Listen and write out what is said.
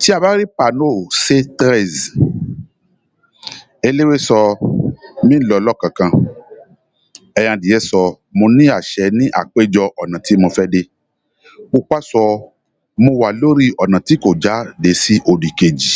Tí a bá rí pànóò sé treize Eléwé sọ mí lọ̀ọ́ lọ́kankán Ẹran adìyẹ sọ mo ní àṣẹ ní àpéjọ ọ̀nà tí mo fẹ́ dé Pupa sọ mo wà lórí ọ̀nà tí kò já de sí odì kejì